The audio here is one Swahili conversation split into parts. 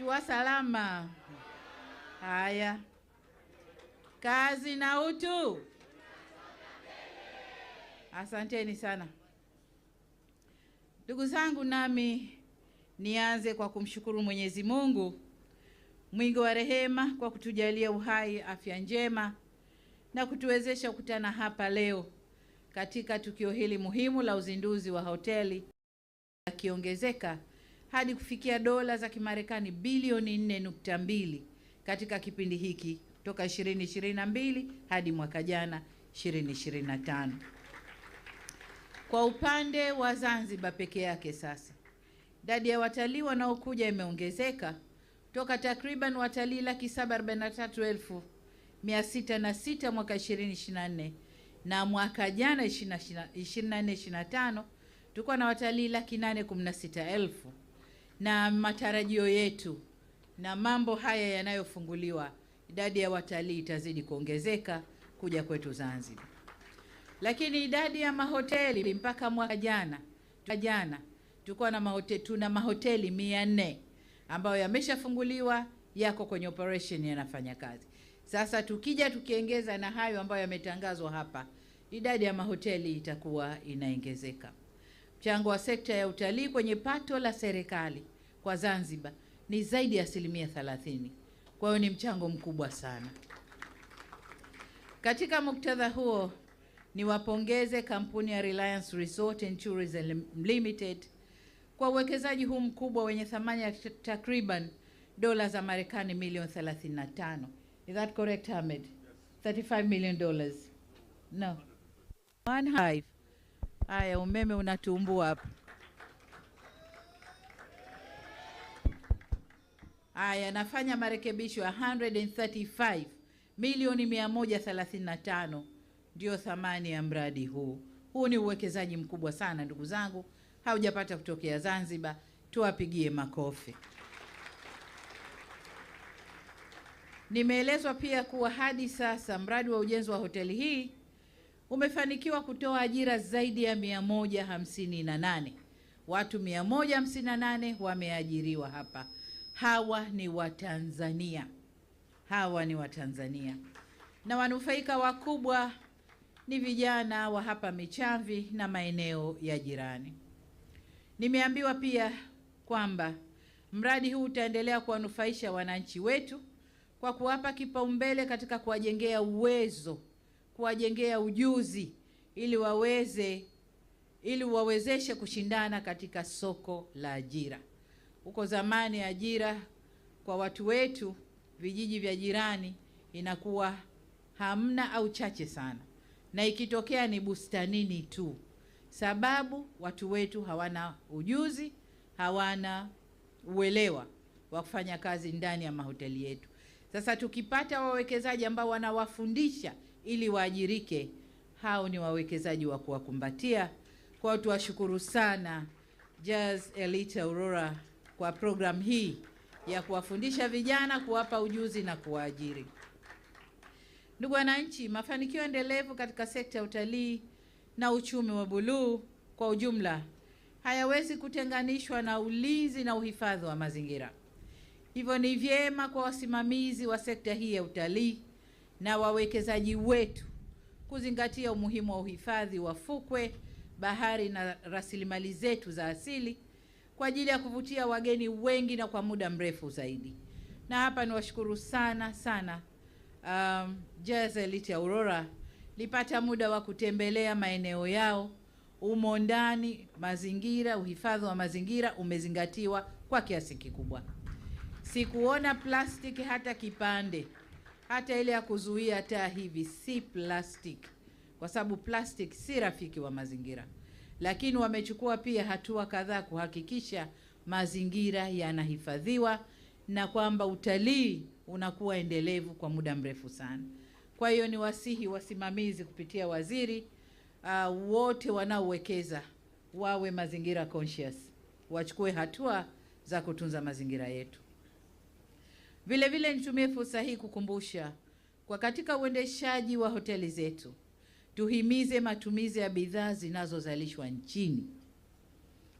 tuwa salama. Haya, kazi na utu. Asanteni sana ndugu zangu, nami nianze kwa kumshukuru Mwenyezi Mungu mwingi wa rehema kwa kutujalia uhai, afya njema na kutuwezesha kukutana hapa leo katika tukio hili muhimu la uzinduzi wa hoteli akiongezeka hadi kufikia dola za Kimarekani bilioni 4.2 katika kipindi hiki toka 2022 hadi mwaka jana 2025. Kwa upande wa Zanzibar peke yake sasa, idadi ya watalii wanaokuja imeongezeka toka takriban watalii laki saba sita mwaka 2024 na mwaka jana 2024 25 tulikuwa na watalii laki 816,000 na matarajio yetu na mambo haya yanayofunguliwa, idadi ya watalii itazidi kuongezeka kuja kwetu Zanzibar. Lakini idadi ya mahoteli mpaka mwaka jana jana tulikuwa na mahoteli, tuna mahoteli mia nne ambayo yameshafunguliwa yako kwenye operation yanafanya kazi. Sasa tukija tukiongeza na hayo ambayo yametangazwa hapa, idadi ya mahoteli itakuwa inaongezeka. Mchango wa sekta ya utalii kwenye pato la serikali kwa Zanzibar ni zaidi ya asilimia 30. Kwa hiyo ni mchango mkubwa sana. Katika muktadha huo, niwapongeze kampuni ya Reliance Resort and Tourism Limited kwa uwekezaji huu mkubwa wenye thamani ya takriban dola za Marekani milioni 35. Is that correct, Ahmed? Yes. 35 million dollars. No. 105. Haya, umeme unatumbua hapa. Haya, nafanya marekebisho ya 135 milioni 135 ndio thamani ya mradi huu. Huu ni uwekezaji mkubwa sana ndugu zangu, haujapata kutokea Zanzibar. Tuwapigie makofi. Nimeelezwa pia kuwa hadi sasa mradi wa ujenzi wa hoteli hii umefanikiwa kutoa ajira zaidi ya 158. Watu 158 wameajiriwa hapa. Hawa ni Watanzania, hawa ni Watanzania, na wanufaika wakubwa ni vijana wa hapa michamvi na maeneo ya jirani. Nimeambiwa pia kwamba mradi huu utaendelea kuwanufaisha wananchi wetu kwa kuwapa kipaumbele katika kuwajengea uwezo kuwajengea ujuzi ili waweze ili wawezeshe kushindana katika soko la ajira. Huko zamani ajira kwa watu wetu vijiji vya jirani inakuwa hamna au chache sana, na ikitokea ni bustanini tu, sababu watu wetu hawana ujuzi, hawana uelewa wa kufanya kazi ndani ya mahoteli yetu. Sasa tukipata wawekezaji ambao wanawafundisha ili waajirike. Hao ni wawekezaji wa kuwakumbatia. Kwa tuwashukuru sana Jazz Elite Aurora kwa programu hii ya kuwafundisha vijana, kuwapa ujuzi na kuwaajiri. Ndugu wananchi, mafanikio endelevu katika sekta ya utalii na uchumi wa buluu kwa ujumla hayawezi kutenganishwa na ulinzi na uhifadhi wa mazingira. Hivyo ni vyema kwa wasimamizi wa sekta hii ya utalii na wawekezaji wetu kuzingatia umuhimu wa uhifadhi wa fukwe, bahari na rasilimali zetu za asili kwa ajili ya kuvutia wageni wengi na kwa muda mrefu zaidi. Na hapa niwashukuru sana sana um, Jazz Elite Aurora lipata muda wa kutembelea maeneo yao umo ndani. Mazingira, uhifadhi wa mazingira umezingatiwa kwa kiasi kikubwa. Sikuona plastiki hata kipande hata ile ya kuzuia taa hivi si plastic, kwa sababu plastic si rafiki wa mazingira, lakini wamechukua pia hatua kadhaa kuhakikisha mazingira yanahifadhiwa na kwamba utalii unakuwa endelevu kwa muda mrefu sana. Kwa hiyo ni wasihi wasimamizi kupitia waziri uh, wote wanaowekeza wawe mazingira conscious, wachukue hatua za kutunza mazingira yetu. Vilevile nitumie fursa hii kukumbusha kwa katika uendeshaji wa hoteli zetu tuhimize matumizi ya bidhaa zinazozalishwa nchini.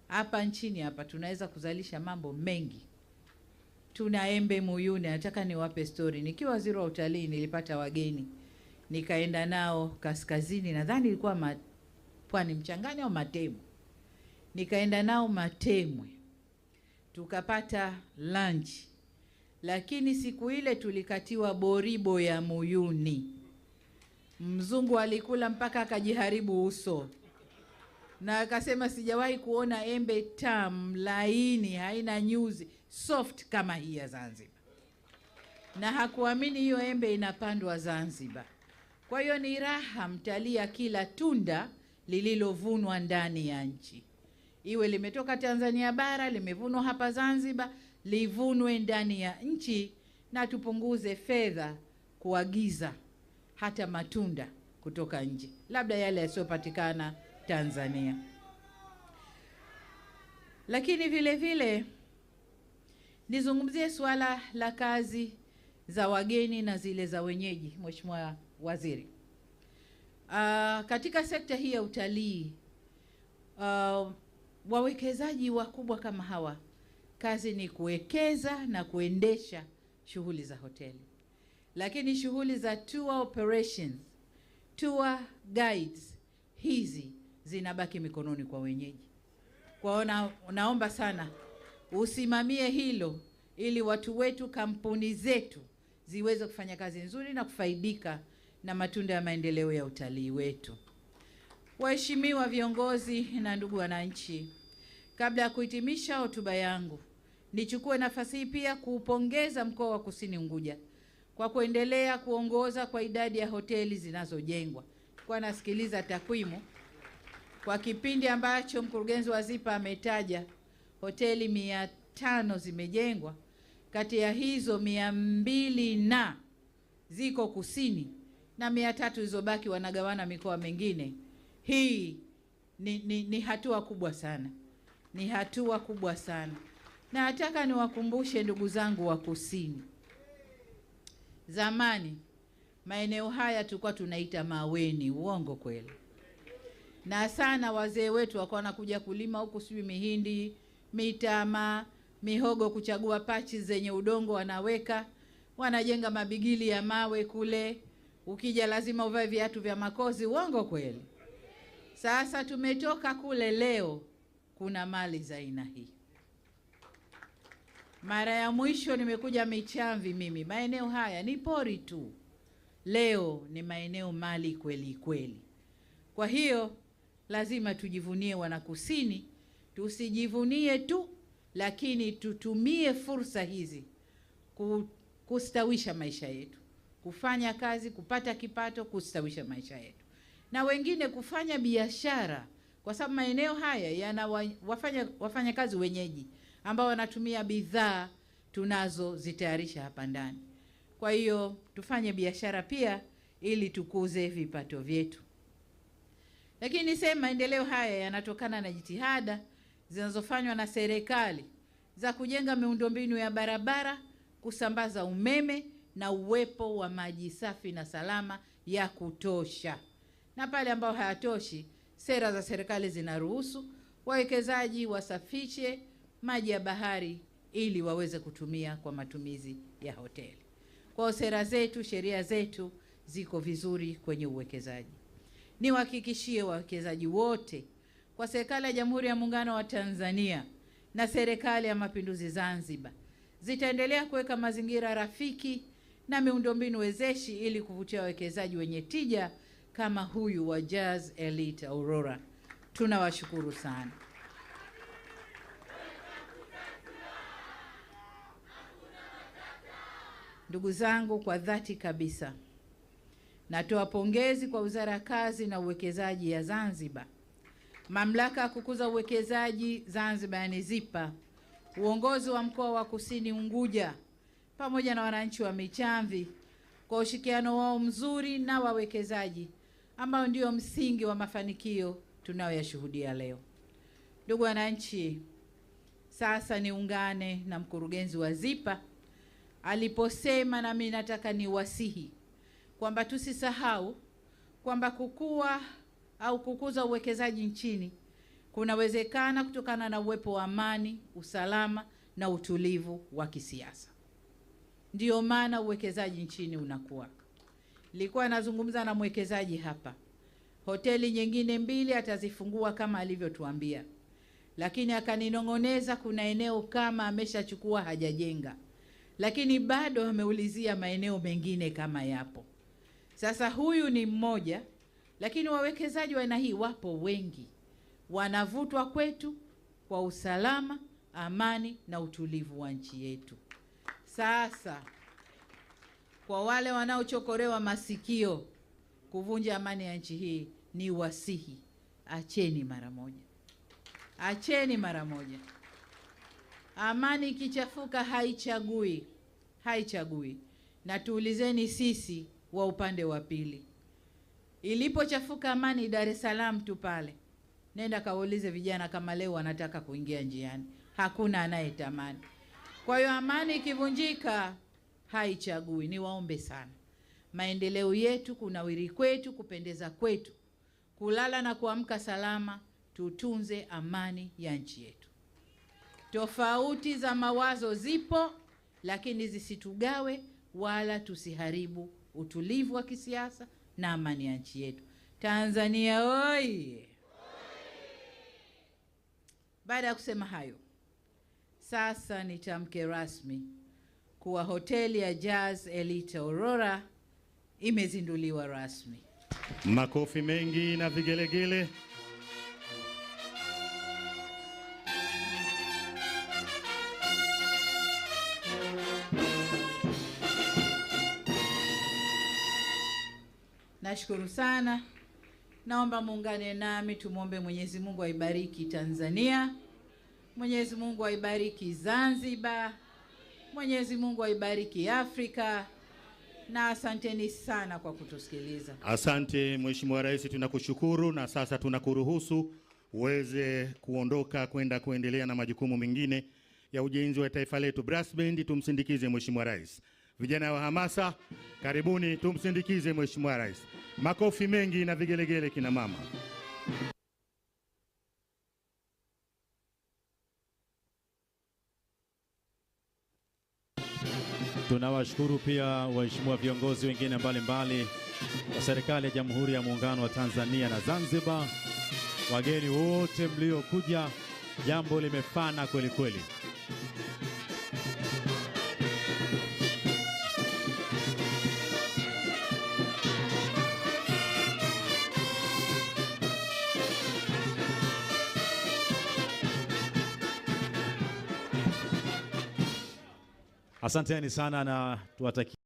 Hapa nchini hapa tunaweza kuzalisha mambo mengi. Tuna embe Muyuni, nataka niwape stori. Nikiwa waziri wa utalii nilipata wageni, nikaenda nao kaskazini, nadhani ilikuwa ma, pwani Mchangani au Matemwe. Nikaenda nao Matemwe, tukapata lunch lakini siku ile tulikatiwa boribo ya muyuni. Mzungu alikula mpaka akajiharibu uso na akasema, sijawahi kuona embe tam laini, haina nyuzi, soft kama hii ya Zanzibar, na hakuamini hiyo embe inapandwa Zanzibar. Kwa hiyo ni raha mtalii akila tunda lililovunwa ndani ya nchi, iwe limetoka Tanzania bara limevunwa hapa Zanzibar livunwe ndani ya nchi na tupunguze fedha kuagiza hata matunda kutoka nje, labda yale yasiyopatikana Tanzania. Lakini vile vile nizungumzie suala la kazi za wageni na zile za wenyeji, Mheshimiwa Waziri. Uh, katika sekta hii ya utalii uh, wawekezaji wakubwa kama hawa Kazi ni kuwekeza na kuendesha shughuli za hoteli, lakini shughuli za tour operations, tour guides hizi zinabaki mikononi kwa wenyeji. Kwa ona, naomba sana usimamie hilo ili watu wetu, kampuni zetu ziweze kufanya kazi nzuri na kufaidika na matunda ya maendeleo ya utalii wetu. Waheshimiwa viongozi na ndugu wananchi, kabla ya kuhitimisha hotuba yangu Nichukue nafasi hii pia kuupongeza mkoa wa Kusini Unguja kwa kuendelea kuongoza kwa idadi ya hoteli zinazojengwa. Kwa nasikiliza takwimu kwa kipindi ambacho mkurugenzi wa ZIPA ametaja hoteli mia tano zimejengwa, kati ya hizo mia mbili na ziko kusini na mia tatu ilizobaki wanagawana mikoa mingine. Hii ni, ni, ni hatua kubwa sana, ni hatua kubwa sana nataka niwakumbushe ndugu zangu wa kusini, zamani maeneo haya tulikuwa tunaita maweni. Uongo kweli? Na sana wazee wetu walikuwa wanakuja kulima huku, sijui mihindi, mitama, mihogo, kuchagua pachi zenye udongo, wanaweka wanajenga mabigili ya mawe kule. Ukija lazima uvae viatu vya makozi. Uongo kweli? Sasa tumetoka kule, leo kuna mali za aina hii. Mara ya mwisho nimekuja Michamvi mimi, maeneo haya ni pori tu, leo ni maeneo mali kweli kweli. Kwa hiyo lazima tujivunie Wanakusini, tusijivunie tu, lakini tutumie fursa hizi kustawisha maisha yetu, kufanya kazi, kupata kipato, kustawisha maisha yetu, na wengine kufanya biashara, kwa sababu maeneo haya yana wafanya kazi wenyeji ambao wanatumia bidhaa tunazozitayarisha hapa ndani. Kwa hiyo tufanye biashara pia ili tukuze vipato vyetu. Lakini niseme maendeleo haya yanatokana na jitihada zinazofanywa na serikali za kujenga miundombinu ya barabara, kusambaza umeme na uwepo wa maji safi na salama ya kutosha. Na pale ambao hayatoshi, sera za serikali zinaruhusu wawekezaji wasafishe maji ya bahari ili waweze kutumia kwa matumizi ya hoteli. Kwa sera zetu, sheria zetu ziko vizuri kwenye uwekezaji. Niwahakikishie wawekezaji wote kwa serikali ya Jamhuri ya Muungano wa Tanzania na serikali ya Mapinduzi Zanzibar zitaendelea kuweka mazingira rafiki na miundombinu wezeshi ili kuvutia wawekezaji wenye tija kama huyu wa Jazz Elite Aurora. Tunawashukuru sana. Ndugu zangu, kwa dhati kabisa natoa pongezi kwa Wizara ya Kazi na Uwekezaji ya Zanzibar, Mamlaka ya Kukuza Uwekezaji Zanzibar yani ZIPA, uongozi wa mkoa wa Kusini Unguja pamoja na wananchi wa Michamvi kwa ushirikiano wao mzuri na wawekezaji ambao ndio msingi wa mafanikio tunayoyashuhudia leo. Ndugu wananchi, sasa niungane na mkurugenzi wa ZIPA aliposema, nami nataka niwasihi kwamba tusisahau kwamba kukua au kukuza uwekezaji nchini kunawezekana kutokana na uwepo wa amani, usalama na utulivu wa kisiasa. Ndiyo maana uwekezaji nchini unakuwa. Nilikuwa nazungumza na mwekezaji hapa, hoteli nyingine mbili atazifungua kama alivyotuambia, lakini akaninong'oneza kuna eneo kama ameshachukua hajajenga lakini bado ameulizia maeneo mengine kama yapo. Sasa huyu ni mmoja, lakini wawekezaji wa aina hii wapo wengi, wanavutwa kwetu kwa usalama, amani na utulivu wa nchi yetu. Sasa kwa wale wanaochokorewa masikio kuvunja amani ya nchi hii, ni wasihi, acheni mara moja, acheni mara moja. Amani ikichafuka haichagui, haichagui. Na tuulizeni sisi wa upande wa pili, ilipochafuka amani Dar es Salaam tu pale, nenda kawaulize vijana kama leo wanataka kuingia njiani, hakuna anayetamani. Kwa hiyo amani ikivunjika haichagui. Niwaombe sana, maendeleo yetu, kunawiri kwetu, kupendeza kwetu, kulala na kuamka salama, tutunze amani ya nchi yetu. Tofauti za mawazo zipo, lakini zisitugawe wala tusiharibu utulivu wa kisiasa na amani ya nchi yetu Tanzania. Oi! Baada ya kusema hayo, sasa nitamke rasmi kuwa hoteli ya Jazz Elite Aurora imezinduliwa rasmi. Makofi mengi na vigelegele. Nashukuru sana, naomba muungane nami tumwombe Mwenyezi Mungu aibariki Tanzania, Mwenyezi Mungu aibariki Zanzibar, Mwenyezi Mungu aibariki Afrika na asanteni sana kwa kutusikiliza. Asante Mheshimiwa Rais, tunakushukuru na sasa tunakuruhusu uweze kuondoka kwenda kuendelea na majukumu mengine ya ujenzi wa taifa letu. Brass band tumsindikize Mheshimiwa Rais vijana wa hamasa, karibuni tumsindikize Mheshimiwa Rais. Makofi mengi na vigelegele kina mama. Tunawashukuru pia waheshimiwa viongozi wengine mbalimbali wa serikali ya Jamhuri ya Muungano wa Tanzania na Zanzibar, wageni wote mliokuja, jambo limefana kweli kweli. Asanteni sana na tuwatakia